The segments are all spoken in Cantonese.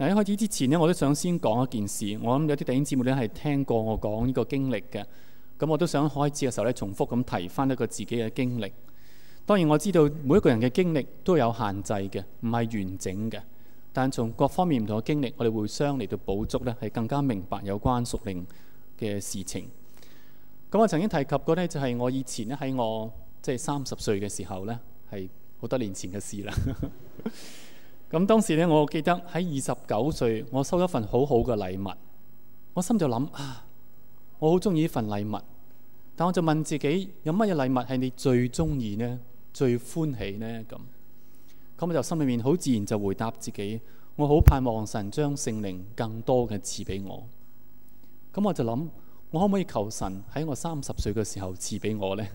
嗱，一開始之前呢，我都想先講一件事。我諗有啲弟兄姊妹咧係聽過我講呢個經歷嘅，咁我都想開始嘅時候咧，重複咁提返一個自己嘅經歷。當然我知道每一個人嘅經歷都有限制嘅，唔係完整嘅。但係從各方面唔同嘅經歷，我哋會相嚟到補足呢，係更加明白有關屬靈嘅事情。咁我曾經提及過呢，就係我以前咧喺我即係三十歲嘅時候呢，係好多年前嘅事啦。 咁當時咧，我記得喺二十九歲，我收一份好好嘅禮物，我心就諗啊，我好中意呢份禮物。但我就問自己，有乜嘢禮物係你最中意呢？最歡喜呢？」咁咁我就心裏面好自然就回答自己，我好盼望神將聖靈更多嘅賜俾我。咁我就諗，我可唔可以求神喺我三十歲嘅時候賜俾我呢？」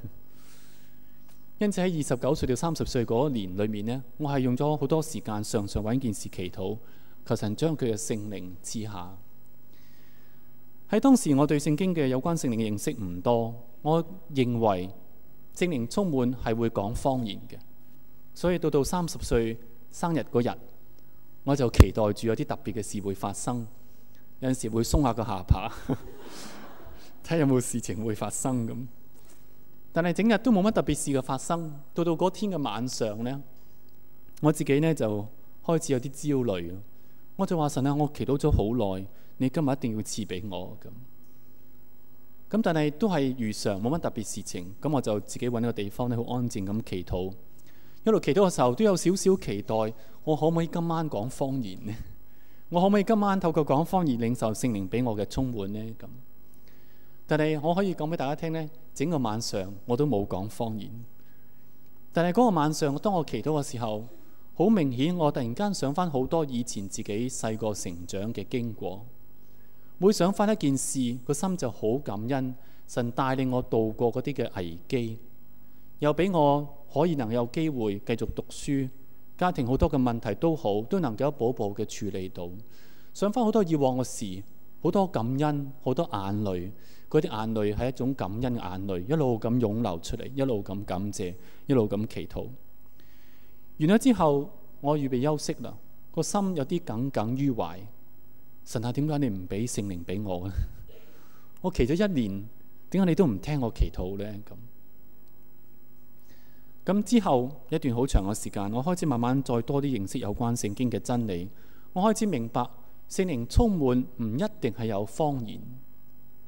因此喺二十九歲到三十歲嗰年裏面呢，我係用咗好多時間，常常揾件事祈禱，求神將佢嘅聖靈賜下。喺當時我對聖經嘅有關聖靈嘅認識唔多，我認為聖靈充滿係會講方言嘅。所以到到三十歲生日嗰日，我就期待住有啲特別嘅事會發生，有陣時會鬆下個下巴，睇下 有冇事情會發生咁。但係整日都冇乜特別事嘅發生，到到嗰天嘅晚上呢，我自己呢就開始有啲焦慮。我就話神啊，我祈禱咗好耐，你今日一定要賜俾我咁。咁但係都係如常，冇乜特別事情。咁我就自己揾個地方呢，好安靜咁祈禱。一路祈禱嘅時候，都有少少期待，我可唔可以今晚講方言呢？我可唔可以今晚透過講方言領受聖靈俾我嘅充滿呢？」咁。但係我可以講俾大家聽呢，整個晚上我都冇講方言。但係嗰個晚上，當我祈禱嘅時候，好明顯我突然間想翻好多以前自己細個成長嘅經過，每想翻一件事，個心就好感恩，神帶領我度過嗰啲嘅危機，又俾我可以能有機會繼續讀書，家庭好多嘅問題都好都能夠一步步嘅處理到，想翻好多以往嘅事，好多感恩，好多眼淚。嗰啲眼淚係一種感恩嘅眼淚，一路咁湧流出嚟，一路咁感謝，一路咁祈禱。完咗之後，我預備休息啦，個心有啲耿耿於懷。神下點解你唔俾聖靈俾我啊？ 我祈咗一年，點解你都唔聽我祈禱呢？咁咁之後一段好長嘅時間，我開始慢慢再多啲認識有關聖經嘅真理。我開始明白，聖靈充滿唔一定係有方言。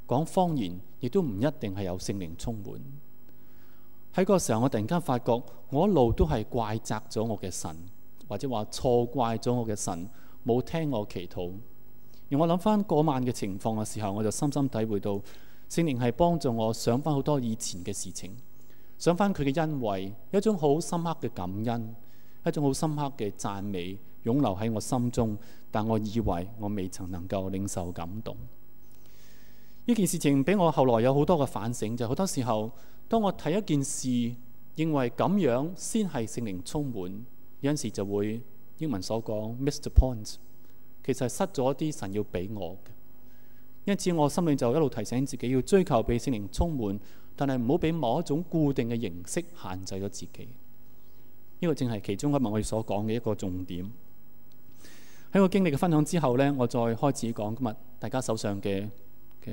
講方言亦都唔一定係有聖靈充滿。喺嗰個時候，我突然間發覺，我一路都係怪責咗我嘅神，或者話錯怪咗我嘅神，冇聽我祈禱。而我諗翻嗰晚嘅情況嘅時候，我就深深體會到聖靈係幫助我想翻好多以前嘅事情，想翻佢嘅恩惠，一種好深刻嘅感恩，一種好深刻嘅讚美，湧流喺我心中。但我以為我未曾能夠領受感動。呢件事情俾我後來有好多嘅反省，就係好多時候，當我睇一件事，認為咁樣先係聖靈充滿，有陣時就會英文所講 miss the point，其實係失咗啲神要俾我嘅。因此，我心裏就一路提醒自己要追求被聖靈充滿，但係唔好俾某一種固定嘅形式限制咗自己。呢個正係其中一個我哋所講嘅一個重點。喺我經歷嘅分享之後呢，我再開始講今日大家手上嘅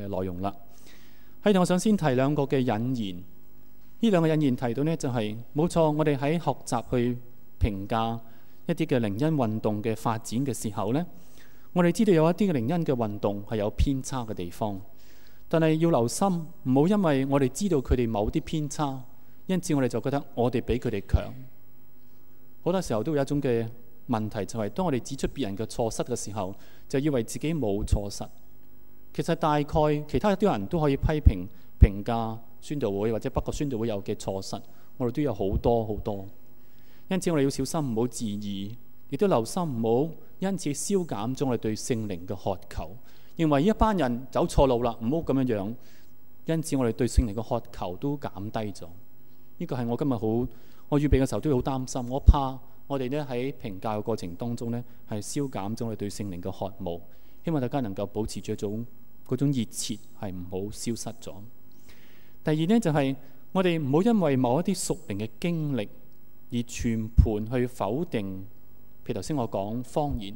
嘅內容啦，喺度我想先提兩個嘅引言。呢兩個引言提到呢，就係冇錯，我哋喺學習去評價一啲嘅靈恩運動嘅發展嘅時候呢，我哋知道有一啲嘅靈恩嘅運動係有偏差嘅地方。但係要留心，唔好因為我哋知道佢哋某啲偏差，因此我哋就覺得我哋比佢哋強。好多時候都會有一種嘅問題，就是，就係當我哋指出別人嘅錯失嘅時候，就以為自己冇錯失。其實大概其他一啲人都可以批評評價宣道會或者北角宣道會有嘅錯失，我哋都有好多好多。因此我哋要小心，唔好自疑，亦都留心，唔好因此消減咗我哋對聖靈嘅渴求。認為一班人走錯路啦，唔好咁樣樣。因此我哋對聖靈嘅渴求都減低咗。呢個係我今日好我預備嘅時候都好擔心，我怕我哋呢喺評價嘅過程當中呢，係消減咗我哋對聖靈嘅渴慕。希望大家能夠保持住一種。嗰種熱切係唔好消失咗。第二呢，就係、是、我哋唔好因為某一啲屬靈嘅經歷而全盤去否定。譬如頭先我講方言，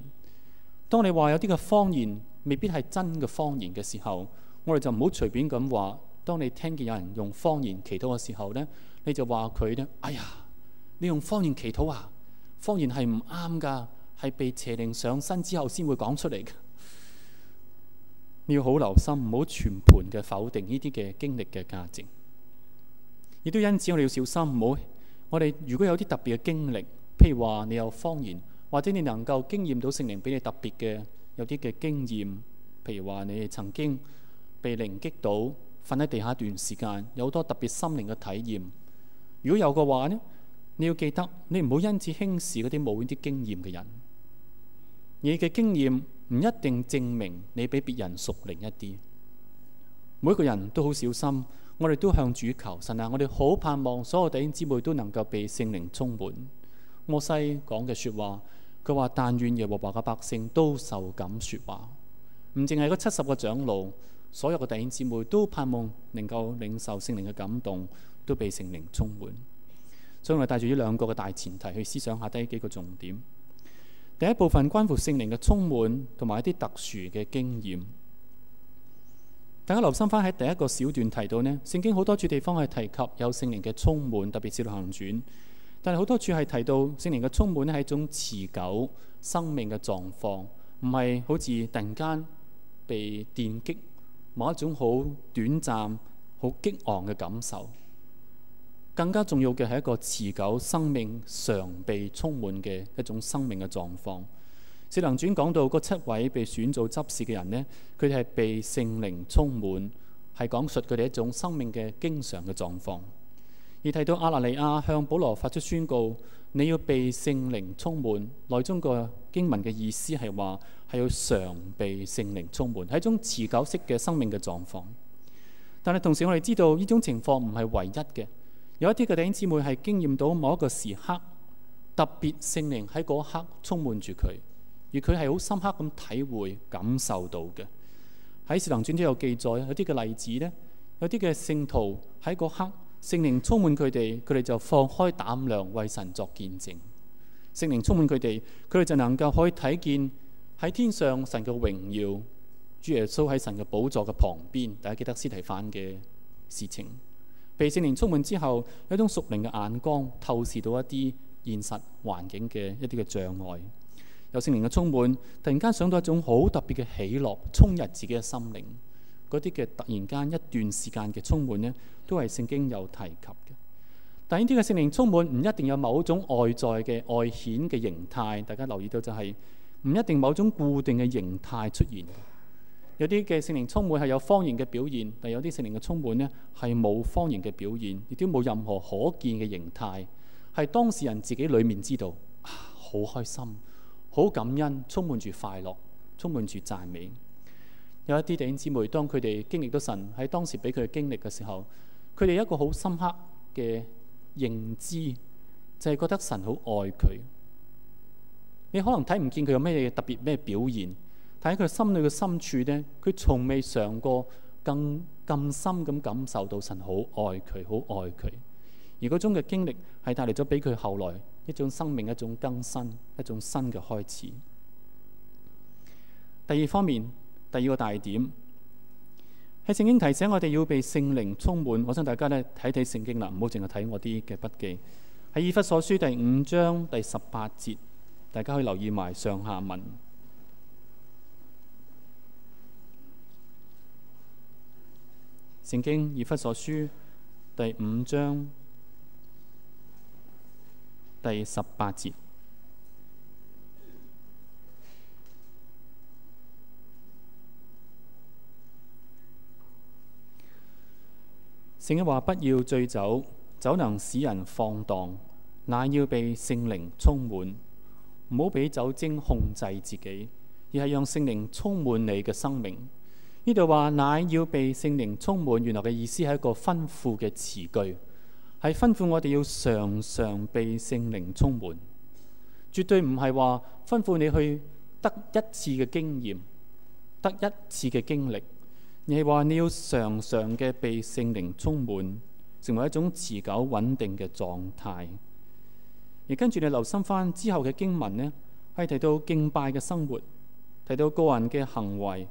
當你話有啲嘅方言未必係真嘅方言嘅時候，我哋就唔好隨便咁話。當你聽見有人用方言祈禱嘅時候呢，你就話佢呢：「哎呀，你用方言祈禱啊！方言係唔啱㗎，係被邪靈上身之後先會講出嚟㗎。」你要好留心，唔好全盤嘅否定呢啲嘅經歷嘅價值。亦都因此，我哋要小心，唔好我哋如果有啲特別嘅經歷，譬如話你有方言，或者你能夠經驗到聖靈俾你特別嘅有啲嘅經驗，譬如話你曾經被靈擊到瞓喺地下一段時間，有好多特別心靈嘅體驗。如果有嘅話呢，你要記得，你唔好因此輕視嗰啲冇呢啲經驗嘅人。你嘅經驗。唔一定證明你比別人熟靈一啲。每一個人都好小心，我哋都向主求神啊！我哋好盼望所有弟兄姊妹都能夠被聖靈充滿。摩西講嘅說話，佢話但願耶和華嘅百姓都受感說話，唔淨係嗰七十個長老，所有嘅弟兄姊妹都盼望能夠領受聖靈嘅感動，都被聖靈充滿。所以我哋帶住呢兩個嘅大前提去思想下，低幾個重點。第一部分關乎聖靈嘅充滿同埋一啲特殊嘅經驗。大家留心返喺第一個小段提到呢，聖經好多處地方係提及有聖靈嘅充滿，特別是路行傳。但係好多處係提到聖靈嘅充滿咧，係一種持久生命嘅狀況，唔係好似突然間被電擊某一種好短暫、好激昂嘅感受。更加重要嘅係一個持久生命常被充滿嘅一種生命嘅狀況。四能轉講到個七位被選做執事嘅人呢，佢哋係被聖靈充滿，係講述佢哋一種生命嘅經常嘅狀況。而提到亞拿尼亞向保羅發出宣告：你要被聖靈充滿。內中個經文嘅意思係話係要常被聖靈充滿，係一種持久式嘅生命嘅狀況。但係同時我哋知道呢種情況唔係唯一嘅。有一啲嘅弟兄姊妹係經驗到某一個時刻，特別聖靈喺嗰刻充滿住佢，而佢係好深刻咁體會感受到嘅。喺《使徒行傳》都有記載，有啲嘅例子呢，有啲嘅聖徒喺嗰刻聖靈充滿佢哋，佢哋就放開膽量為神作見證。聖靈充滿佢哋，佢哋就能夠可以睇見喺天上神嘅榮耀，主耶穌喺神嘅寶座嘅旁邊。大家記得司提反嘅事情。被聖靈充滿之後，有一種熟靈嘅眼光，透視到一啲現實環境嘅一啲嘅障礙；有聖靈嘅充滿，突然間想到一種好特別嘅喜樂，衝入自己嘅心靈。嗰啲嘅突然間一段時間嘅充滿呢，都係聖經有提及嘅。但呢啲嘅聖靈充滿唔一定有某種外在嘅外顯嘅形態，大家留意到就係、係、唔一定某種固定嘅形態出現。有啲嘅聖靈充滿係有方言嘅表現，但有啲聖靈嘅充滿呢，係冇方言嘅表現，亦都冇任何可見嘅形態，係當事人自己裏面知道，好開心、好感恩、充滿住快樂、充滿住讚美。有一啲弟兄姊妹當佢哋經歷到神喺當時俾佢嘅經歷嘅時候，佢哋有一個好深刻嘅認知，就係覺得神好愛佢。你可能睇唔見佢有咩特別咩表現。睇佢心裏嘅深處呢，佢從未嘗過更更深咁感受到神好愛佢，好愛佢。而嗰種嘅經歷係帶嚟咗俾佢後來一種生命一種更新一種新嘅開始。第二方面，第二個大點係聖經提醒我哋要被聖靈充滿。我想大家呢睇睇聖經啦，唔好淨係睇我啲嘅筆記。喺以弗所書第五章第十八節，大家可以留意埋上下文。《聖經以弗所書》第五章第十八節，聖經話不要醉酒，酒能使人放蕩，乃要被聖靈充滿。唔好俾酒精控制自己，而係讓聖靈充滿你嘅生命。呢度話乃要被聖靈充滿，原來嘅意思係一個吩咐嘅詞句，係吩咐我哋要常常被聖靈充滿，絕對唔係話吩咐你去得一次嘅經驗，得一次嘅經歷，而係話你要常常嘅被聖靈充滿，成為一種持久穩定嘅狀態。而跟住你留心翻之後嘅經文呢，係提到敬拜嘅生活，提到個人嘅行為。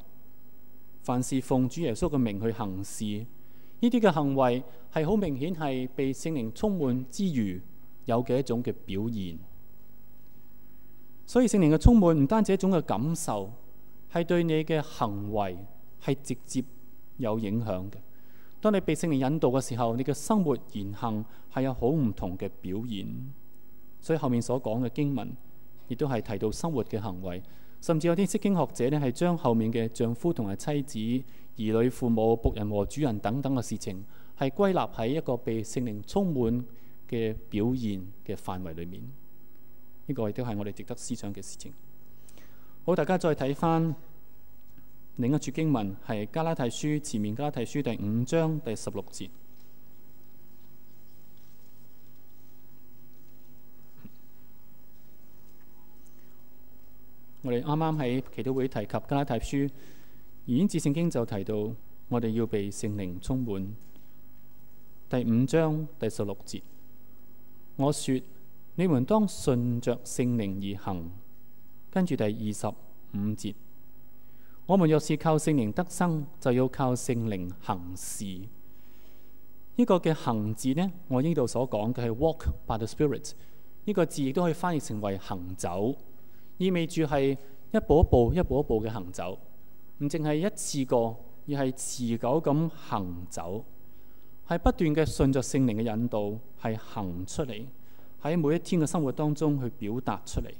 凡事奉主耶穌嘅名去行事，呢啲嘅行為係好明顯係被聖靈充滿之餘有嘅一種嘅表現。所以聖靈嘅充滿唔單止一種嘅感受，係對你嘅行為係直接有影響嘅。當你被聖靈引導嘅時候，你嘅生活言行係有好唔同嘅表現。所以後面所講嘅經文，亦都係提到生活嘅行為。甚至有啲釋經學者呢，係將後面嘅丈夫同埋妻子、兒女、父母、僕人和主人等等嘅事情，係歸納喺一個被聖靈充滿嘅表現嘅範圍裏面。呢、這個亦都係我哋值得思想嘅事情。好，大家再睇翻另一處經文，係加拉太書前面加拉太書第五章第十六節。我哋啱啱喺祈禱會提及《加拉太書》，而《聖經》就提到我哋要被聖靈充滿。第五章第十六節，我説你們當順着聖靈而行。跟住第二十五節，我們若是靠聖靈得生，就要靠聖靈行事。呢個嘅行字呢，我呢度所講嘅係 walk by the spirit。呢個字亦都可以翻譯成為行走。意味住係一步一步、一步一步嘅行走，唔淨係一次過，而係持久咁行走，係不斷嘅順着聖靈嘅引導，係行出嚟，喺每一天嘅生活當中去表達出嚟。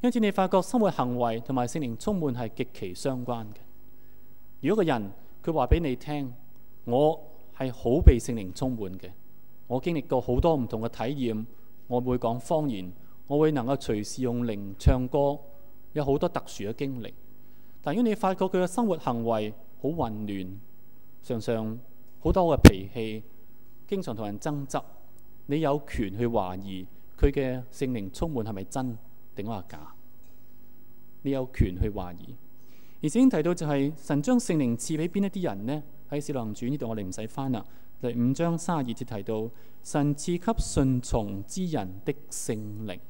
因此你發覺生活行為同埋聖靈充滿係極其相關嘅。如果個人佢話俾你聽，我係好被聖靈充滿嘅，我經歷過好多唔同嘅體驗，我唔會講方言。我會能夠隨時用靈唱歌，有好多特殊嘅經歷。但如果你發覺佢嘅生活行為好混亂，常常好多嘅脾氣，經常同人爭執，你有權去懷疑佢嘅聖靈充滿係咪真定話假？你有權去懷疑。而且已經提到就係、是、神將聖靈賜俾邊一啲人呢？喺《使徒行傳》呢度，我哋唔使翻啦。第、就、五、是、章三十二節提到，神賜給順從之人的聖靈。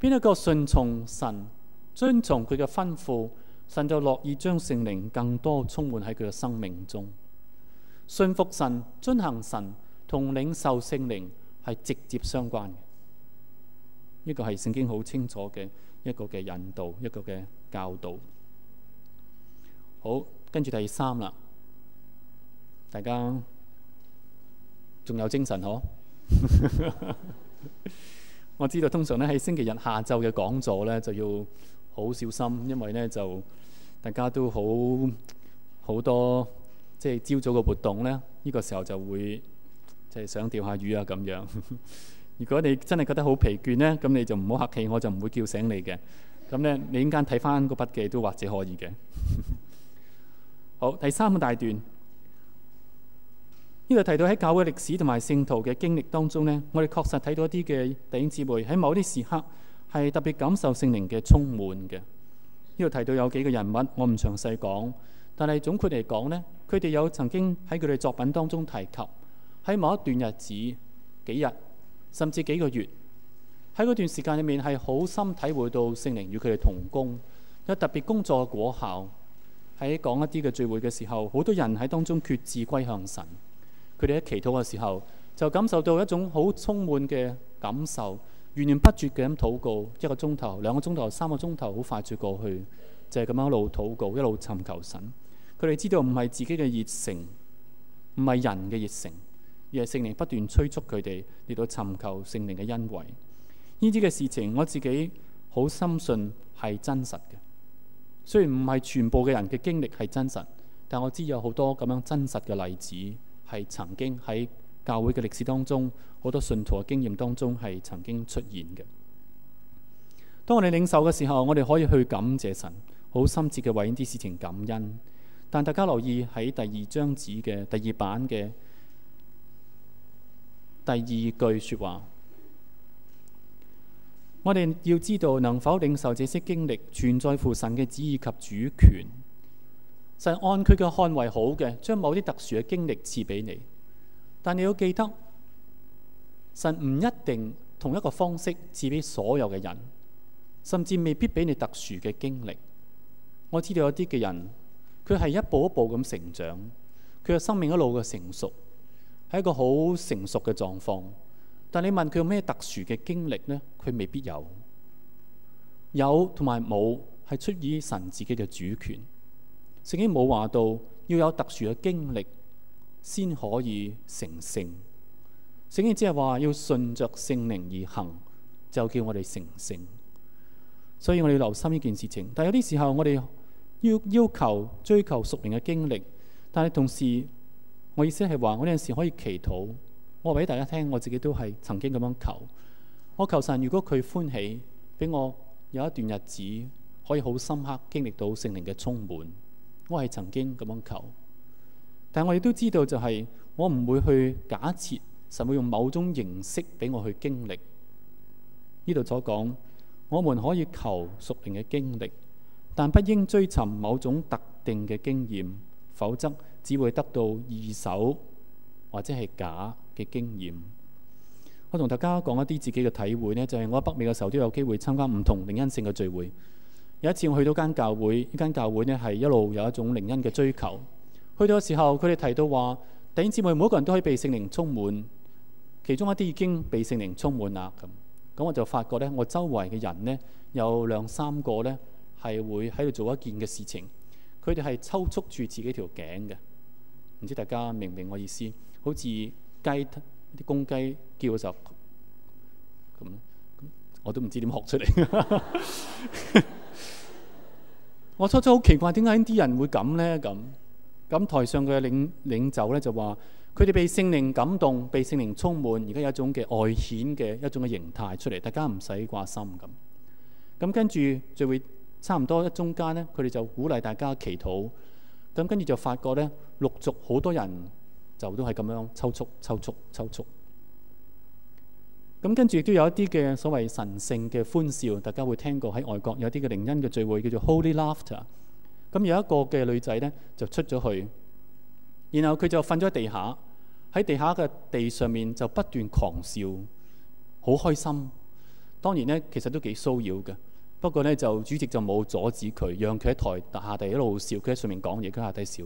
邊一個順從神、遵從佢嘅吩咐，神就樂意將聖靈更多充滿喺佢嘅生命中。信服神、遵行神同領受聖靈係直接相關嘅，呢個係聖經好清楚嘅一個嘅引導、一個嘅教導。好，跟住第三啦，大家仲有精神可？ 我知道通常咧喺星期日下晝嘅講座咧就要好小心，因為咧就大家都好好多即係朝早嘅活動咧，呢、呢個時候就會即係、就是、想釣下魚啊咁樣。 如果你真係覺得好疲倦咧，咁你就唔好客氣，我就唔會叫醒你嘅。咁咧，你依家睇翻個筆記都或者可以嘅。 好，第三個大段。.呢度提到喺教會歷史同埋聖徒嘅經歷當中呢，我哋確實睇到一啲嘅弟兄姊妹，喺某啲時刻係特別感受聖靈嘅充滿嘅。呢度提到有幾個人物，我唔詳細講，但係總括嚟講呢，佢哋有曾經喺佢哋作品當中提及喺某一段日子、幾日甚至幾個月，喺嗰段時間裏面係好深體會到聖靈與佢哋同工，有特別工作嘅果效。喺講一啲嘅聚會嘅時候，好多人喺當中決志歸向神。佢哋喺祈禱嘅時候，就感受到一種好充滿嘅感受，源源不絕嘅咁禱告一個鐘頭、兩個鐘頭、三個鐘頭，好快就過去，就係咁樣一路禱告一路尋求神。佢哋知道唔係自己嘅熱誠，唔係人嘅熱誠，而係聖靈不斷催促佢哋嚟到尋求聖靈嘅恩惠。呢啲嘅事情我自己好深信係真實嘅。雖然唔係全部嘅人嘅經歷係真實，但我知有好多咁樣真實嘅例子。係曾經喺教會嘅歷史當中，好多信徒嘅經驗當中係曾經出現嘅。當我哋領受嘅時候，我哋可以去感謝神，好深切嘅為呢啲事情感恩。但大家留意喺第二張紙嘅第二版嘅第二句說話，我哋要知道能否領受這些經歷，存在乎神嘅旨意及主權。神按佢嘅看為好嘅，將某啲特殊嘅經歷賜俾你，但你要記得，神唔一定同一個方式賜俾所有嘅人，甚至未必俾你特殊嘅經歷。我知道有啲嘅人，佢係一步一步咁成長，佢嘅生命一路嘅成熟，係一個好成熟嘅狀況。但你問佢有咩特殊嘅經歷呢？佢未必有。有同埋冇係出於神自己嘅主權。聖經冇話到要有特殊嘅經歷先可以成聖。聖經只係話要順着聖靈而行，就叫我哋成聖。所以我哋要留心呢件事情。但係有啲時候我，我哋要要求追求屬靈嘅經歷，但係同時，我意思係話，我有陣時可以祈禱。我話俾大家聽，我自己都係曾經咁樣求。我求神，如果佢歡喜，俾我有一段日子可以好深刻經歷到聖靈嘅充滿。我係曾經咁樣求，但我亦都知道就係、是、我唔會去假設神會用某種形式俾我去經歷。呢度所講，我們可以求屬靈嘅經歷，但不應追尋某種特定嘅經驗，否則只會得到二手或者係假嘅經驗。我同大家講一啲自己嘅體會呢就係、是、我喺北美嘅時候都有機會參加唔同靈恩性嘅聚會。有一次，我去到間教會，呢間教會呢係一路有一種靈恩嘅追求。去到嘅時候，佢哋提到話：弟兄姊妹，每一個人都可以被聖靈充滿。其中一啲已經被聖靈充滿啦。咁咁，我就發覺呢，我周圍嘅人呢，有兩三個呢係會喺度做一件嘅事情。佢哋係抽搐住自己條頸嘅，唔知大家明唔明我意思？好似雞啲公雞叫就咁，我都唔知點學出嚟。 我初初好奇怪點解啲人會咁呢？咁咁台上嘅領領袖咧就話：佢哋被聖靈感動，被聖靈充滿，而家有一種嘅外顯嘅一種嘅形態出嚟，大家唔使掛心咁。咁跟住聚會差唔多一中間呢，佢哋就鼓勵大家祈禱。咁跟住就發覺呢，陸續好多人就都係咁樣抽搐、抽搐、抽搐。咁跟住亦都有一啲嘅所謂神聖嘅歡笑，大家會聽過喺外國有啲嘅靈恩嘅聚會叫做 Holy Laughter。咁有一個嘅女仔呢，就出咗去，然後佢就瞓咗喺地下，喺地下嘅地上面就不斷狂笑，好開心。當然呢，其實都幾騷擾嘅，不過呢，就主席就冇阻止佢，讓佢喺台下地一路笑，佢喺上面講嘢，佢喺下底笑。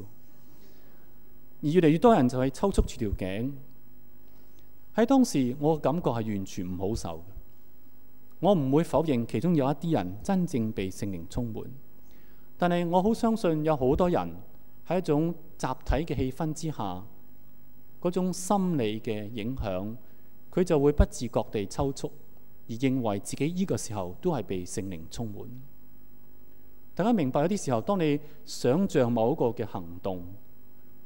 而越嚟越多人就係抽搐住條頸。喺當時，我嘅感覺係完全唔好受。我唔會否認其中有一啲人真正被聖靈充滿，但係我好相信有好多人喺一種集體嘅氣氛之下，嗰種心理嘅影響，佢就會不自覺地抽搐，而認為自己呢個時候都係被聖靈充滿。大家明白有啲時候，當你想像某一個嘅行動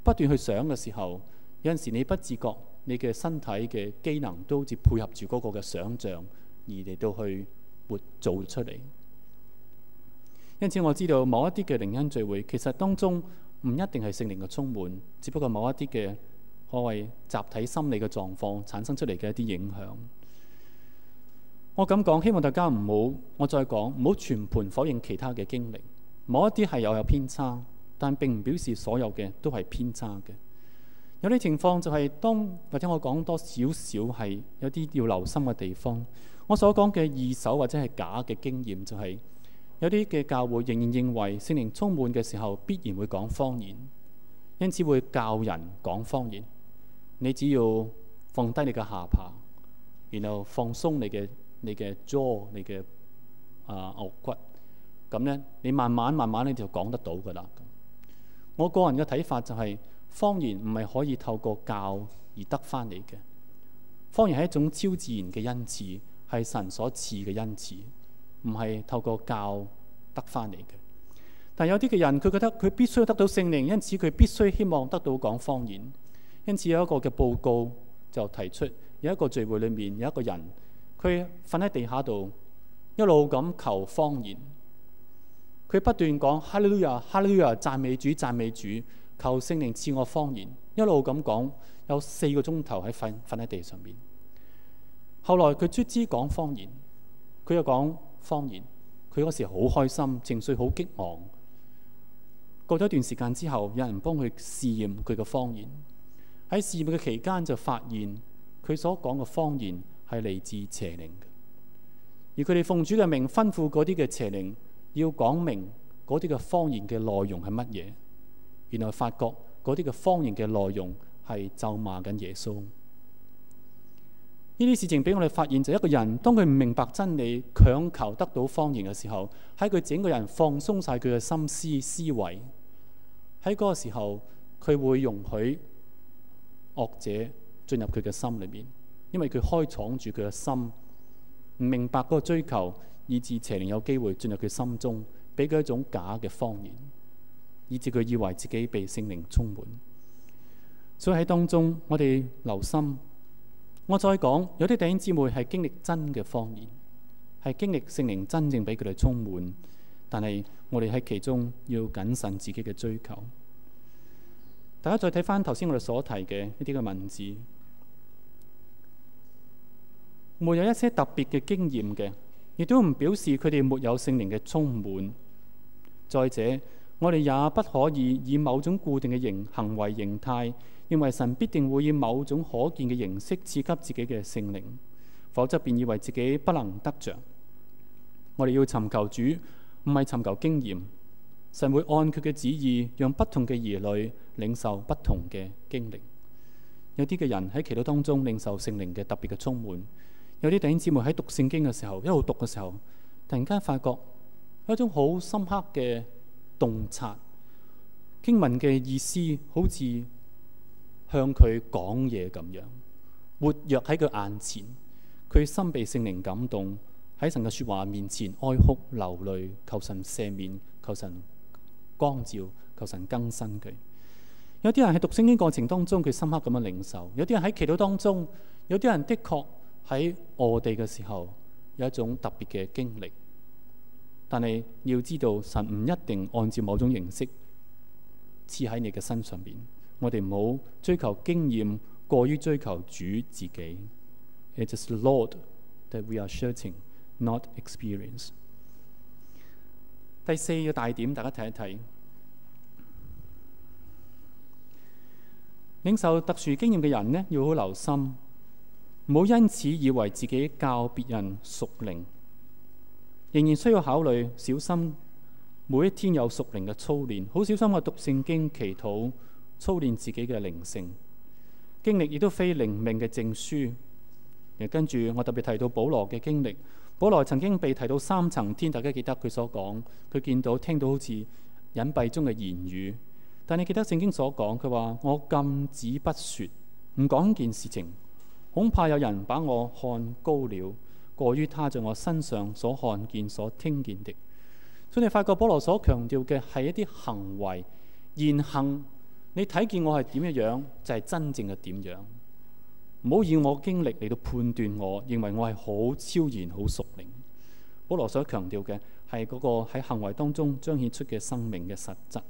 不斷去想嘅時候，有陣時你不自覺。你嘅身體嘅機能都好似配合住嗰個嘅想像而嚟到去活做出嚟。因此我知道某一啲嘅靈恩聚會其實當中唔一定係聖靈嘅充滿，只不過某一啲嘅可謂集體心理嘅狀況產生出嚟嘅一啲影響。我咁講，希望大家唔好我再講，唔好全盤否認其他嘅經歷。某一啲係又有偏差，但並唔表示所有嘅都係偏差嘅。有啲情況就係，當或者我講多少少係有啲要留心嘅地方。我所講嘅二手或者係假嘅經驗，就係，就係有啲嘅教會仍然認為聖靈充滿嘅時候必然會講方言，因此會教人講方言。你只要放低你嘅下巴，然後放鬆你嘅你嘅頸、你嘅啊、呃、骨，咁呢，你慢慢慢慢你就講得到噶啦。我個人嘅睇法就係、係。方言唔係可以透過教而得返嚟嘅，方言係一種超自然嘅恩賜，係神所賜嘅恩賜，唔係透過教得返嚟嘅。但有啲嘅人，佢覺得佢必須得到聖靈，因此佢必須希望得到講方言。因此有一個嘅報告就提出，有一個聚會裏面有一個人，佢瞓喺地下度，一路咁求方言，佢不斷講哈利路亞，哈利路亞，讚美主，讚美主。求聖靈賜我方言，一路咁講，有四個鐘頭喺瞓瞓喺地上面。後來佢卒之講方言，佢又講方言。佢嗰時好開心，情緒好激昂。過咗一段時間之後，有人幫佢試驗佢嘅方言。喺試驗嘅期間就發現，佢所講嘅方言係嚟自邪靈。而佢哋奉主嘅命吩咐嗰啲嘅邪靈，要講明嗰啲嘅方言嘅內容係乜嘢。然後發覺嗰啲嘅方言嘅內容係咒罵緊耶穌，呢啲事情俾我哋發現就一個人，當佢唔明白真理，強求得到方言嘅時候，喺佢整個人放鬆晒佢嘅心思思維，喺嗰個時候，佢會容許惡者進入佢嘅心裏面，因為佢開敞住佢嘅心，唔明白嗰個追求，以致邪靈有機會進入佢心中，俾佢一種假嘅方言。以至佢以為自己被聖靈充滿，所以喺當中我哋留心。我再講，有啲弟兄姊妹係經歷真嘅方言，係經歷聖靈真正俾佢哋充滿，但係我哋喺其中要謹慎自己嘅追求。大家再睇返頭先我哋所提嘅呢啲嘅文字，沒有一些特別嘅經驗嘅，亦都唔表示佢哋沒有聖靈嘅充滿。再者。我哋也不可以以某種固定嘅形行，行為形態，認為神必定會以某種可見嘅形式賜給自己嘅聖靈，否則便以為自己不能得着。我哋要尋求主，唔係尋求經驗。神會按佢嘅旨意，讓不同嘅兒女領受不同嘅經歷。有啲嘅人喺祈禱當中領受聖靈嘅特別嘅充滿，有啲弟兄姊妹喺讀聖經嘅時候，一路讀嘅時候，突然間發覺有一種好深刻嘅。洞察經文嘅意思，好似向佢講嘢咁樣，活躍喺佢眼前。佢心被聖靈感動，喺神嘅說話面前哀哭流淚，求神赦免，求神光照，求神更新佢。有啲人喺讀聖經過程當中，佢深刻咁樣領受；有啲人喺祈禱當中，有啲人的確喺外地嘅時候有一種特別嘅經歷。但係要知道，神唔一定按照某種形式賜喺你嘅身上邊。我哋唔好追求經驗，過於追求主自己。It is Lord that we are seeking, not experience。第四個大點，大家睇一睇。領受特殊經驗嘅人呢，要好留心，唔好因此以為自己較別人屬靈。仍然需要考慮小心，每一天有屬靈嘅操練，好小心咁讀聖經、祈禱、操練自己嘅靈性。經歷亦都非靈命嘅證書。跟住我特別提到保羅嘅經歷。保羅曾經被提到三層天，大家記得佢所講，佢見到、聽到好似隱蔽中嘅言語。但你記得聖經所講，佢話：我禁止不説，唔講件事情，恐怕有人把我看高了。過於他在我身上所看見、所聽見的，所以你發覺，保羅所強調嘅係一啲行為言行。你睇見我係點樣，就係真正嘅點樣。唔好以我經歷嚟到判斷我，認為我係好超然、好熟練靈。保羅所強調嘅係嗰個喺行為當中彰顯出嘅生命嘅實質。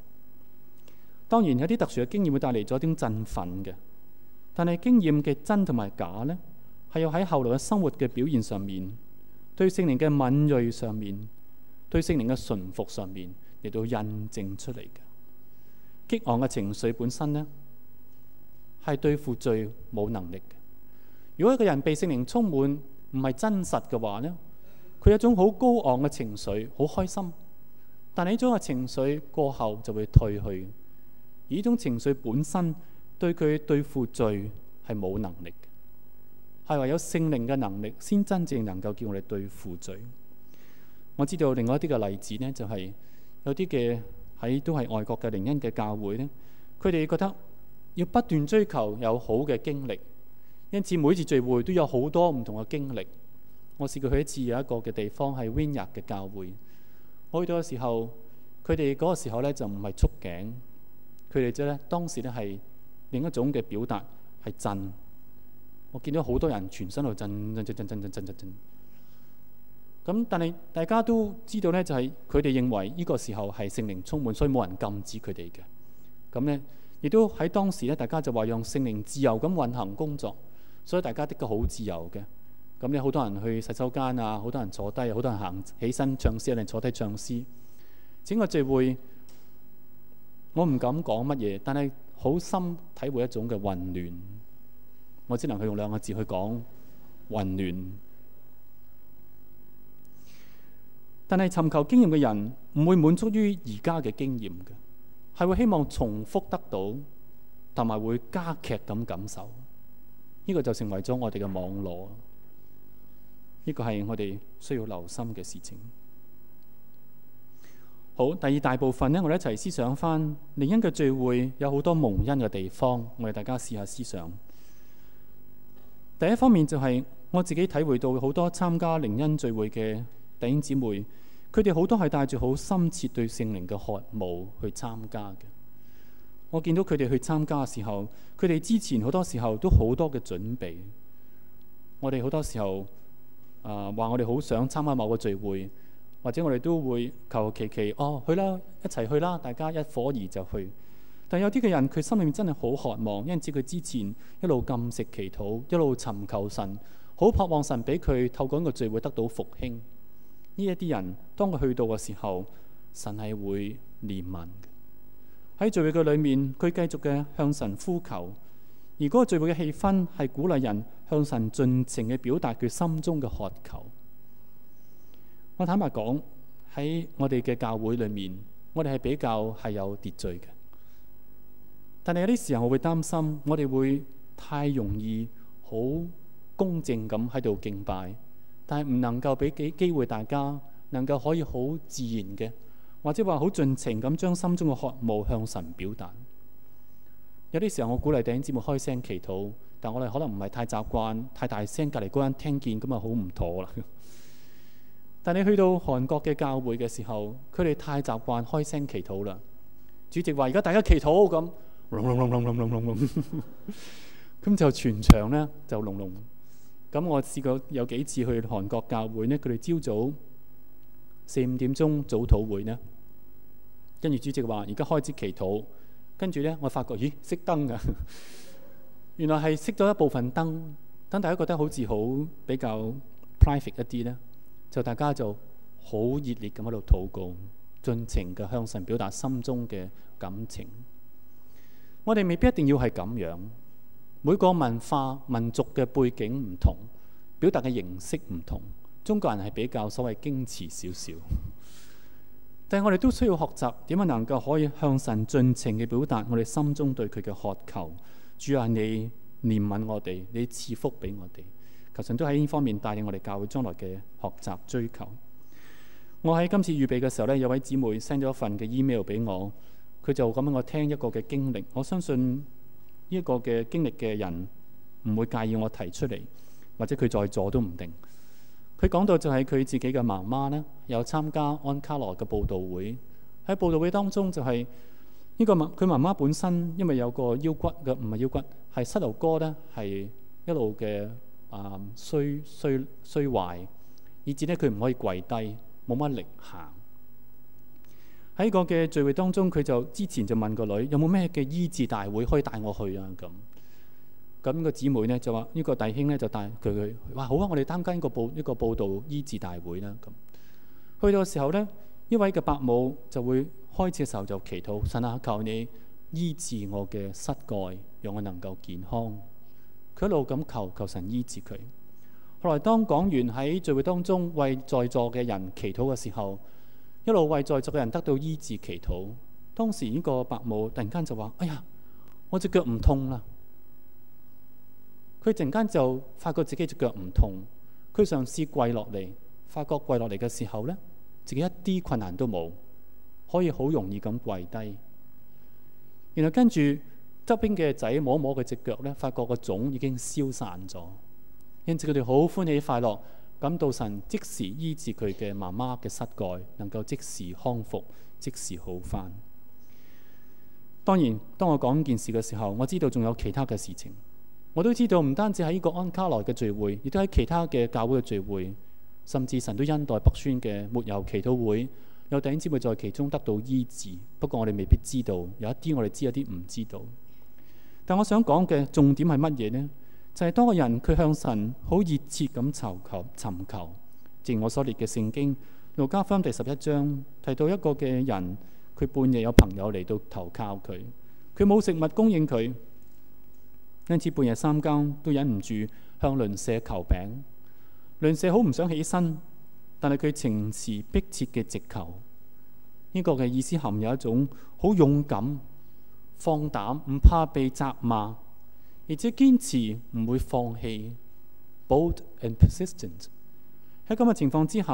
當然有啲特殊嘅經驗會帶嚟咗一啲振奮嘅，但係經驗嘅真同埋假呢？係要喺後來嘅生活嘅表現上面，對聖靈嘅敏銳上面，對聖靈嘅順服上面嚟到印證出嚟嘅。激昂嘅情緒本身呢，係對付罪冇能力嘅。如果一個人被聖靈充滿，唔係真實嘅話呢，佢有一種好高昂嘅情緒，好開心，但係呢種嘅情緒過後就會退去。而呢種情緒本身對佢對付罪係冇能力。係話有聖靈嘅能力，先真正能夠叫我哋對付罪。我知道另外一啲嘅例子呢，就係、是、有啲嘅喺都係外國嘅靈恩嘅教會呢，佢哋覺得要不斷追求有好嘅經歷，因此每次聚會都有好多唔同嘅經歷。我試過去一次有一個嘅地方係 Vineyard 嘅教會，我去到嘅時候，佢哋嗰個時候呢就唔係觸頸，佢哋即係呢當時呢係另一種嘅表達，係震。我見到好多人全身度震震震震震震震震震。咁但係大家都知道呢，就係佢哋認為呢個時候係聖靈充滿，所以冇人禁止佢哋嘅。咁呢，亦都喺當時咧，大家就話用聖靈自由咁運行工作，所以大家的確好自由嘅。咁呢，好多人去洗手間啊，好多人坐低，好多人行起身唱詩，有啲人坐低唱詩。整個聚會，我唔敢講乜嘢，但係好深體會一種嘅混亂。我只能去用兩個字去講混亂。但係尋求經驗嘅人唔會滿足於而家嘅經驗嘅，係會希望重複得到，同埋會加劇咁感受。呢個就成為咗我哋嘅網絡。呢個係我哋需要留心嘅事情。好，第二大部分咧，我哋一齊思想翻靈恩嘅聚會有好多蒙恩嘅地方，我哋大家試下思想。第一方面就係我自己體會到好多參加靈恩聚會嘅弟兄姊妹，佢哋好多係帶住好深切對聖靈嘅渴慕去參加嘅。我見到佢哋去參加嘅時候，佢哋之前好多時候都好多嘅準備。我哋好多時候啊，話、呃、我哋好想參加某個聚會，或者我哋都會求求其其：「哦，去啦，一齊去啦，大家一伙兒就去。但有啲嘅人，佢心裏面真係好渴望，因此佢之前一路禁食祈禱，一路尋求神，好盼望神俾佢透過呢個聚會得到復興。呢一啲人當佢去到嘅時候，神係會憐憫嘅。喺聚會嘅裏面，佢繼續嘅向神呼求，而嗰個聚會嘅氣氛係鼓勵人向神盡情嘅表達佢心中嘅渴求。我坦白講，喺我哋嘅教會裏面，我哋係比較係有秩序嘅。但係有啲時候，我會擔心我哋會太容易好公正咁喺度敬拜，但係唔能夠俾機機會大家能夠可以好自然嘅，或者話好盡情咁將心中嘅渴慕向神表達。有啲時候，我鼓勵弟兄姊妹開聲祈禱，但我哋可能唔係太習慣太大聲，隔離嗰人聽見咁啊，好唔妥啦。但係你去到韓國嘅教會嘅時候，佢哋太習慣開聲祈禱啦。主席話：而家大家祈禱咁。隆隆隆隆隆隆隆，咁就 全場咧，就隆隆。咁我試過有幾次去韓國教會呢，佢哋朝早四五點鐘早禱會呢，跟住主席話，而家開始祈禱，跟住咧我發覺咦熄燈噶， 原來係熄咗一部分燈，等大家覺得好似好比較 private 一啲咧，就大家就好熱烈咁喺度禱告，盡情嘅向神表達心中嘅感情。我哋未必一定要係咁樣，每個文化民族嘅背景唔同，表達嘅形式唔同。中國人係比較所謂矜持少少，但係我哋都需要學習點樣能夠可以向神盡情嘅表達我哋心中對佢嘅渴求。主啊，你憐憫我哋，你賜福俾我哋。求神都喺呢方面帶領我哋教會將來嘅學習追求。我喺今次預備嘅時候呢，有位姊妹 send 咗一份嘅 email 俾我。佢就咁樣我聽一個嘅經歷，我相信呢一個嘅經歷嘅人唔會介意我提出嚟，或者佢在座都唔定。佢講到就係佢自己嘅媽媽呢，有參加安卡羅嘅報道會。喺報道會當中就係、是、呢、這個母，佢媽媽本身因為有個腰骨嘅唔係腰骨，係膝頭哥呢，係一路嘅啊、呃、衰衰衰壞，以至呢，佢唔可以跪低，冇乜力行。喺個嘅聚會當中，佢就之前就問個女有冇咩嘅醫治大會可以帶我去啊？咁，咁個姊妹呢就話：呢個弟兄呢，就帶佢去。哇！好啊，我哋參加呢個報一個報道醫治大會啦。咁去到嘅時候呢，呢位嘅伯母就會開始嘅時候就祈禱神啊，求你醫治我嘅膝蓋，讓我能夠健康。佢一路咁求求神醫治佢。後來當講完喺聚會當中為在座嘅人祈禱嘅時候。一路為在座嘅人得到醫治祈禱。當時呢個白母，突然間就話：，哎呀，我隻腳唔痛啦！佢陣間就發覺自己隻腳唔痛，佢嘗試跪落嚟，發覺跪落嚟嘅時候咧，自己一啲困難都冇，可以好容易咁跪低。然後跟住側邊嘅仔摸摸佢隻腳咧，發覺個腫已經消散咗，因此佢哋好歡喜快樂。感到神即時醫治佢嘅媽媽嘅膝蓋，能夠即時康復，即時好返。當然，當我講件事嘅時候，我知道仲有其他嘅事情，我都知道唔單止喺呢個安卡內嘅聚會，亦都喺其他嘅教會嘅聚會，甚至神都恩待北宣嘅沒有祈禱會，有弟兄姊妹在其中得到醫治。不過我哋未必知道，有一啲我哋知，有啲唔知道。但我想講嘅重點係乜嘢呢？就係當個人佢向神好熱切咁尋求尋求，正我所列嘅聖經路加福音第十一章提到一個嘅人，佢半夜有朋友嚟到投靠佢，佢冇食物供應佢，因此半夜三更都忍唔住向鄰舍求餅。鄰舍好唔想起身，但係佢情詞迫切嘅直求，呢個嘅意思含有一種好勇敢、放膽，唔怕被責罵。而且堅持唔會放棄，bold and persistent。喺咁嘅情況之下，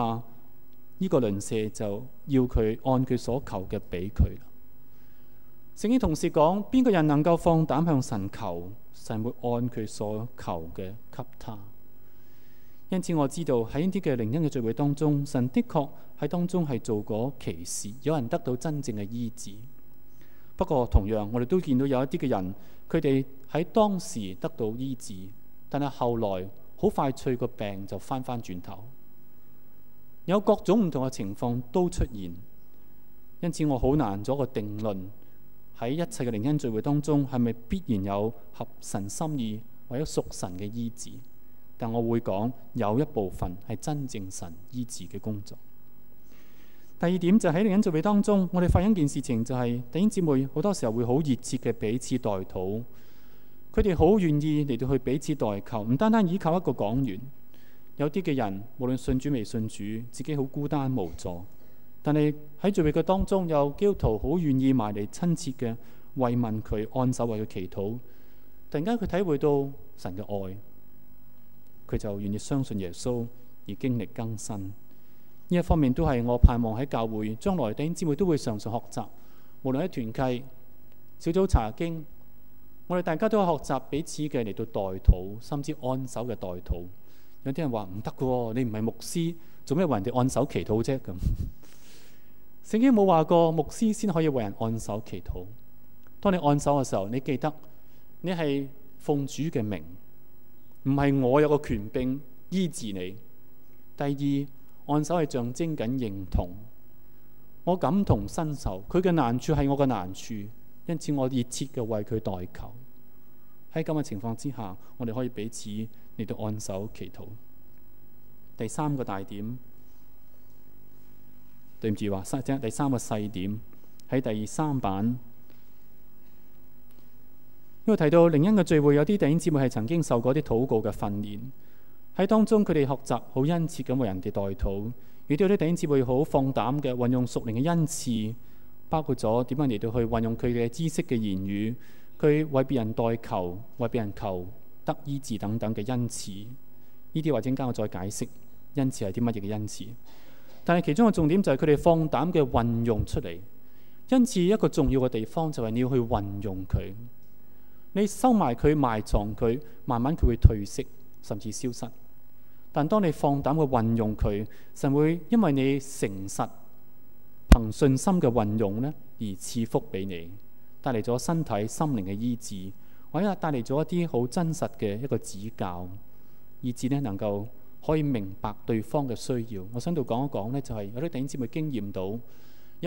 呢、這個鄰舍就要佢按佢所求嘅俾佢。聖經同時講，邊個人能夠放膽向神求，神會按佢所求嘅給他。因此我知道喺呢啲嘅靈恩嘅聚會當中，神的確喺當中係做過奇事，有人得到真正嘅醫治。不過同樣，我哋都見到有一啲嘅人。佢哋喺當時得到醫治，但係後來好快脆個病就翻返轉頭，有各種唔同嘅情況都出現，因此我好難做個定論，喺一切嘅靈恩聚會當中，係咪必然有合神心意或者屬神嘅醫治？但我會講有一部分係真正神醫治嘅工作。第二點就喺靈恩聚會當中，我哋發現一件事情，就是，就係弟兄姊妹好多時候會好熱切嘅彼此代禱，佢哋好願意嚟到去彼此代求，唔單單依靠一個講員。有啲嘅人無論信主未信主，自己好孤單無助，但係喺聚會嘅當中，有基督徒好願意埋嚟親切嘅慰問佢，按手為佢祈禱。突然間佢體會到神嘅愛，佢就願意相信耶穌而經歷更新。呢一方面都係我盼望喺教會，將來弟兄姊妹都會常常學習。無論喺團契、小組查經，我哋大家都學習彼此嘅嚟到代禱，甚至按手嘅代禱。有啲人話唔得嘅，你唔係牧師，做咩為人哋按手祈禱啫？咁 聖經冇話過牧師先可以為人按手祈禱。當你按手嘅時候，你記得你係奉主嘅名，唔係我有個權柄醫治你。第二。按手係象徵緊認同，我感同身受，佢嘅難處係我嘅難處，因此我熱切嘅為佢代求。喺咁嘅情況之下，我哋可以彼此嚟到按手祈禱。第三個大點，對唔住話，即係第三個細點，喺第三版，因為提到靈恩嘅聚會，有啲弟兄姊妹係曾經受過啲禱告嘅訓練。喺當中，佢哋學習好恩慈咁為人哋代禱，亦都有啲頂次會好放膽嘅運用熟練嘅恩賜，包括咗點樣嚟到去運用佢嘅知識嘅言語，佢為別人代求、為別人求得醫治等等嘅恩賜。呢啲或者陣間我再解釋，恩賜係啲乜嘢嘅恩賜？但係其中嘅重點就係佢哋放膽嘅運用出嚟。恩賜一個重要嘅地方就係你要去運用佢，你收埋佢，埋藏佢，慢慢佢會退色，甚至消失。但當你放膽去運用佢，神會因為你誠實憑信心嘅運用呢，而賜福俾你，帶嚟咗身體、心靈嘅醫治，或者帶嚟咗一啲好真實嘅一個指教，以至呢能夠可以明白對方嘅需要。我想度講一講呢就係、是、有啲頂尖嘅經驗到，有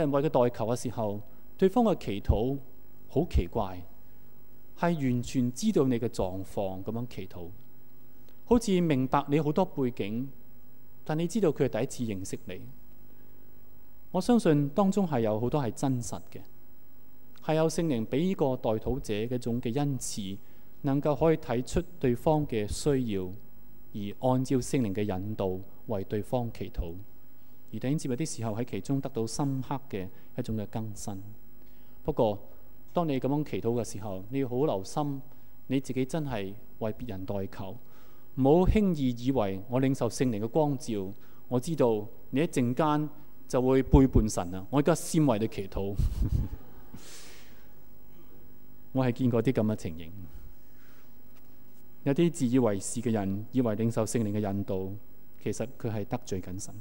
人為佢代求嘅時候，對方嘅祈禱好奇怪，係完全知道你嘅狀況咁樣祈禱。好似明白你好多背景，但你知道佢係第一次認識你。我相信當中係有好多係真實嘅，係有聖靈俾呢個代禱者嗰種嘅恩賜，能夠可以睇出對方嘅需要，而按照聖靈嘅引導為對方祈禱，而頂節有啲時候喺其中得到深刻嘅一種嘅更新。不過當你咁樣祈禱嘅時候，你要好好留心你自己，真係為別人代求。唔好輕易以為我領受聖靈嘅光照，我知道你一陣間就會背叛神啦。我而家先為你祈禱， 我係見過啲咁嘅情形。有啲自以為是嘅人，以為領受聖靈嘅引導，其實佢係得罪緊神。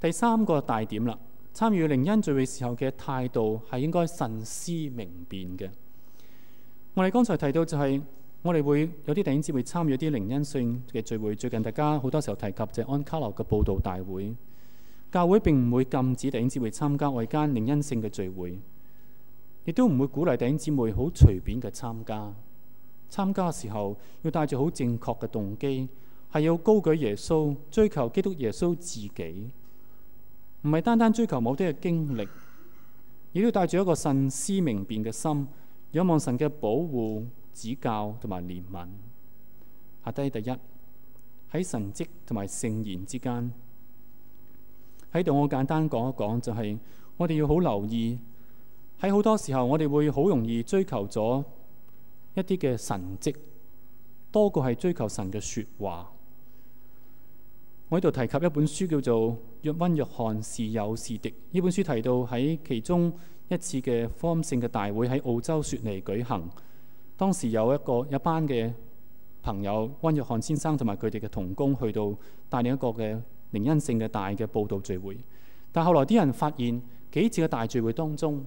第三個大點啦，參與靈恩聚會時候嘅態度係應該慎思明辨嘅。我哋剛才提到就係、是。我哋會有啲弟兄姊妹參與一啲靈恩性嘅聚會。最近大家好多時候提及謝安卡羅嘅報導大會，教會並唔會禁止弟兄姊妹參加外間靈恩性嘅聚會，亦都唔會鼓勵弟兄姊妹好隨便嘅參加。參加嘅時候要帶住好正確嘅動機，係要高舉耶穌，追求基督耶穌自己，唔係單單追求某啲嘅經歷，亦都帶住一個慎思明辨嘅心，仰望神嘅保護。指教同埋憐憫，下低第一喺神蹟同埋聖言之間，喺度我簡單講一講，就係、是、我哋要好留意，喺好多時候我哋會好容易追求咗一啲嘅神蹟，多過係追求神嘅說話。我喺度提及一本書叫做《若温若翰：是友是敵》，呢本書提到喺其中一次嘅方聖嘅大會喺澳洲雪梨舉行。當時有一個一班嘅朋友，温若翰先生同埋佢哋嘅同工去到帶領一個嘅靈恩性嘅大嘅佈道聚會，但係後來啲人發現幾次嘅大聚會當中，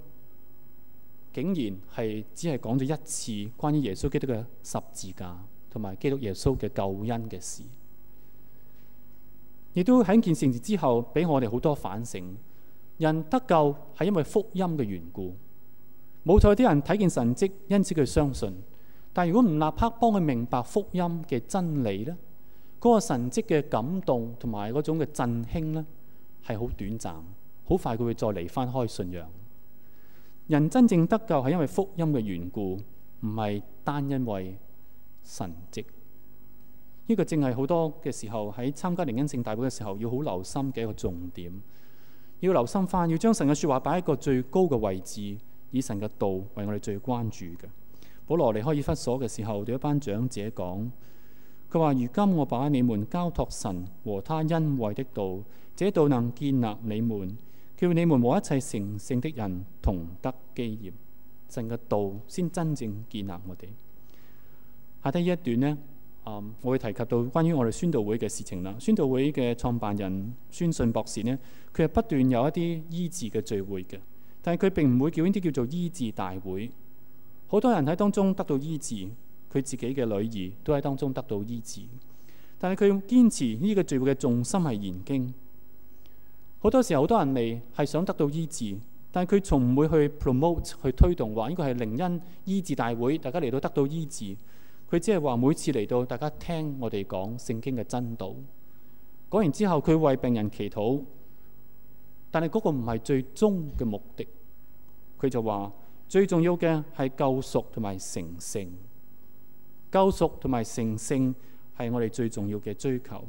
竟然係只係講咗一次關於耶穌基督嘅十字架同埋基督耶穌嘅救恩嘅事。亦都喺呢件事之後，俾我哋好多反省。人得救係因為福音嘅緣故。冇錯，啲人睇見神跡，因此佢相信。但如果唔立刻幫佢明白福音嘅真理呢嗰，嗰個神跡嘅感動同埋嗰種嘅振興呢係好短暫，好快佢會再離返開信仰。人真正得救係因為福音嘅緣故，唔係單因為神跡。呢，呢個正係好多嘅時候喺參加靈恩聖大會嘅時候要好留心嘅一個重點，要留心翻，要將神嘅說話擺喺個最高嘅位置。以神嘅道為我哋最關注嘅。保羅離開以弗所嘅時候，對一班長者講：，佢話：，如今我把你們交託神和他恩惠的道，這道能建立你們，叫你們和一切成聖的人同得基業。神嘅道先真正建立我哋。下低呢一段呢，我會提及到關於我哋宣道會嘅事情啦。宣道會嘅創辦人宣信博士呢，佢係不斷有一啲醫治嘅聚會嘅。但係佢並唔會叫呢啲叫做醫治大會，好多人喺當中得到醫治，佢自己嘅女兒都喺當中得到醫治。但係佢用堅持呢個聚會嘅重心係研經。好多時候好多人嚟係想得到醫治，但係佢從唔會去 promote 去推動話呢個係靈恩醫治大會，大家嚟到得到醫治。佢只係話每次嚟到大家聽我哋講聖經嘅真道，講完之後佢為病人祈禱。但係嗰個唔係最終嘅目的，佢就話最重要嘅係救贖同埋成聖，救贖同埋成聖係我哋最重要嘅追求。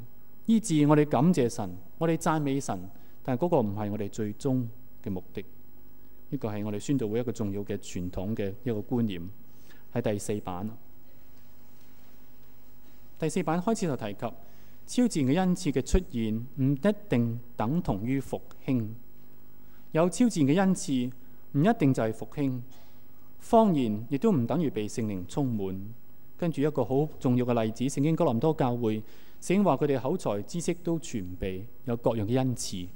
以至我哋感謝神，我哋讚美神，但係嗰個唔係我哋最終嘅目的。呢個係我哋宣道會一個重要嘅傳統嘅一個觀念，喺第四版。第四版開始就提及超自然嘅恩賜嘅出現唔一定等同於服興。有超自然嘅恩賜，唔一定就係復興。方言亦都唔等於被聖靈充滿。跟住一個好重要嘅例子，聖經哥林多教會，聖經話佢哋口才、知識都全備，有各樣嘅恩賜。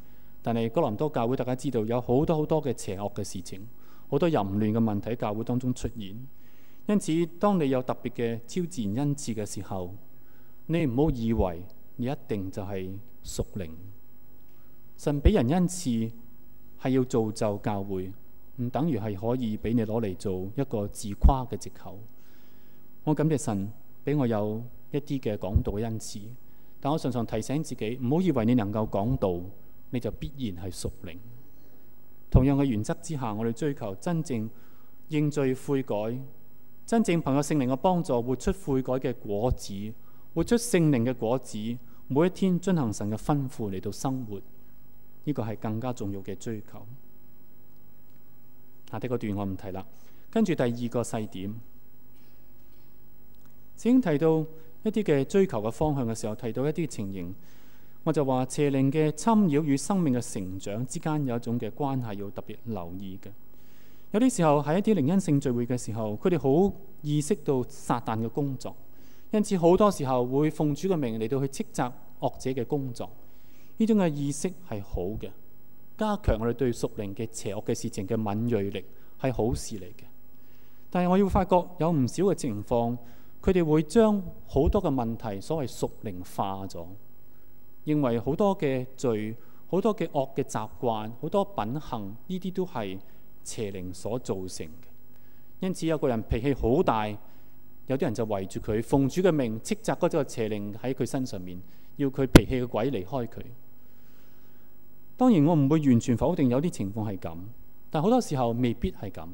但係哥林多教會大家知道有好多好多嘅邪惡嘅事情，好多淫亂嘅問題喺教會當中出現。因此，當你有特別嘅超自然恩賜嘅時候，你唔好以為你一定就係屬靈。神俾人恩賜係要造就教會，唔等於係可以俾你攞嚟做一個自誇嘅借口。我感謝神俾我有一啲嘅講道嘅恩賜，但我常常提醒自己，唔好以為你能夠講道，你就必然係屬靈。同樣嘅原則之下，我哋追求真正認罪悔改，真正憑有聖靈嘅幫助活出悔改嘅果子，活出聖靈嘅果子，每一天遵行神嘅吩咐嚟到生活。呢個係更加重要嘅追求。下啲嗰段我唔提啦。跟住第二個細點，曾經提到一啲嘅追求嘅方向嘅時候，提到一啲情形，我就話邪靈嘅侵擾與生命嘅成長之間有一種嘅關係，要特別留意嘅。有啲時候喺一啲靈恩性聚會嘅時候，佢哋好意識到撒旦嘅工作，因此好多時候會奉主嘅命嚟到去斥責惡者嘅工作。呢種嘅意識係好嘅，加強我哋對屬靈嘅邪惡嘅事情嘅敏銳力係好事嚟嘅。但係我要發覺有唔少嘅情況，佢哋會將好多嘅問題所謂屬靈化咗，認為好多嘅罪、好多嘅惡嘅習慣、好多品行，呢啲都係邪靈所造成嘅。因此有個人脾氣好大，有啲人就圍住佢，奉主嘅命斥責嗰隻邪靈喺佢身上面，要佢脾氣嘅鬼離開佢。當然，我唔會完全否定有啲情況係咁，但好多時候未必係咁。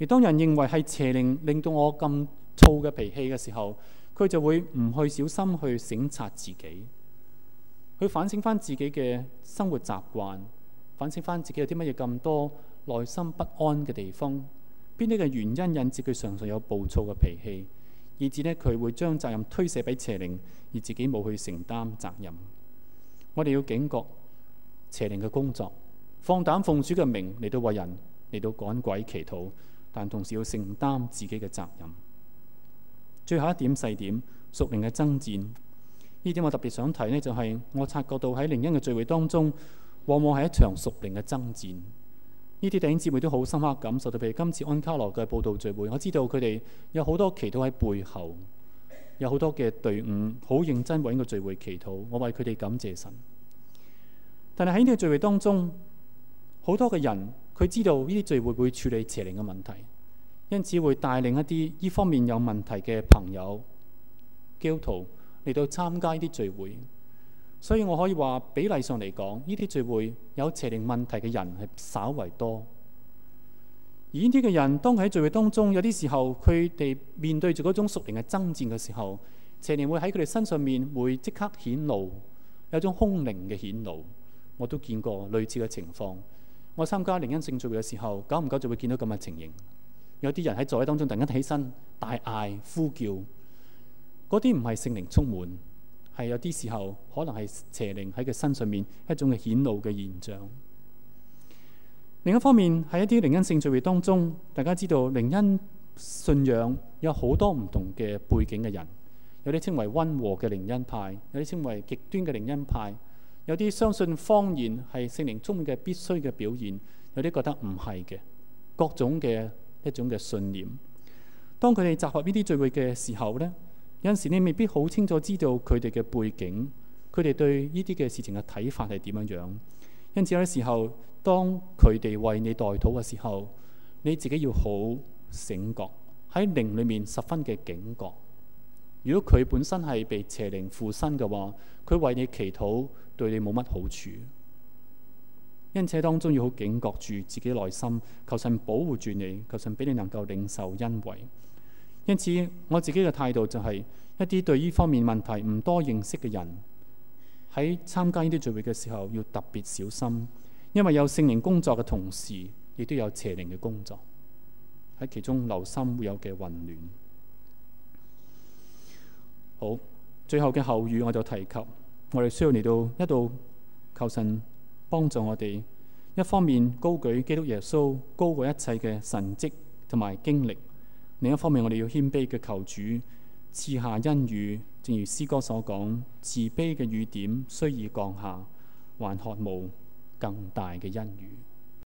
而當人認為係邪靈令到我咁燥嘅脾氣嘅時候，佢就會唔去小心去省察自己，去反省翻自己嘅生活習慣，反省翻自己有啲乜嘢咁多內心不安嘅地方，邊啲嘅原因引致佢常常有暴躁嘅脾氣，以至呢佢會將責任推卸俾邪靈，而自己冇去承擔責任。我哋要警覺。邪靈嘅工作，放膽奉主嘅名嚟到為人嚟到趕鬼祈禱，但同時要承擔自己嘅責任。最後一點細點，屬靈嘅爭戰，呢點我特別想提呢，就係、是、我察覺到喺靈恩嘅聚會當中，往往係一場屬靈嘅爭戰。呢啲弟兄姊妹都好深刻感受到，譬如今次安卡羅嘅佈道聚會，我知道佢哋有好多祈禱喺背後，有好多嘅隊伍好認真為呢個聚會祈禱，我為佢哋感謝神。但係喺呢個聚會當中，好多嘅人佢知道呢啲聚會會處理邪靈嘅問題，因此會帶領一啲呢方面有問題嘅朋友、教徒嚟到參加呢啲聚會。所以我可以話比例上嚟講，呢啲聚會有邪靈問題嘅人係稍為多。而呢啲嘅人當喺聚會當中，有啲時候佢哋面對住嗰種屬靈嘅爭戰嘅時候，邪靈會喺佢哋身上面會即刻顯露，有種空靈嘅顯露。我都見過類似嘅情況。我參加靈恩性聚會嘅時候，久唔久就會見到咁嘅情形。有啲人喺座位當中突然間起身，大嗌、呼叫，嗰啲唔係聖靈充滿，係有啲時候可能係邪靈喺佢身上面一種嘅顯露嘅現象。另一方面，喺一啲靈恩性聚會當中，大家知道靈恩信仰有好多唔同嘅背景嘅人，有啲稱為温和嘅靈恩派，有啲稱為極端嘅靈恩派。有啲相信方言係聖靈中嘅必須嘅表現，有啲覺得唔係嘅各種嘅一種嘅信念。當佢哋集合呢啲聚會嘅時候呢，有陣時你未必好清楚知道佢哋嘅背景，佢哋對呢啲嘅事情嘅睇法係點樣樣。因此有時候，當佢哋為你代禱嘅時候，你自己要好醒覺，喺靈裏面十分嘅警覺。如果佢本身係被邪靈附身嘅話，佢為你祈禱，對你冇乜好處，因此當中要好警覺住自己內心，求神保護住你，求神俾你能夠領受恩惠。因此我自己嘅態度就係、是、一啲對呢方面問題唔多認識嘅人喺參加呢啲聚會嘅時候要特別小心，因為有聖靈工作嘅同時，亦都有邪靈嘅工作喺其中，留心會有嘅混亂。好，最後嘅後語我就提及。我哋需要嚟到一度求神幫助我哋，一方面高舉基督耶穌高過一切嘅神蹟同埋經歷，另一方面我哋要謙卑嘅求主賜下恩雨，正如詩歌所講，慈悲嘅雨點雖已降下，還渴慕更大嘅恩雨。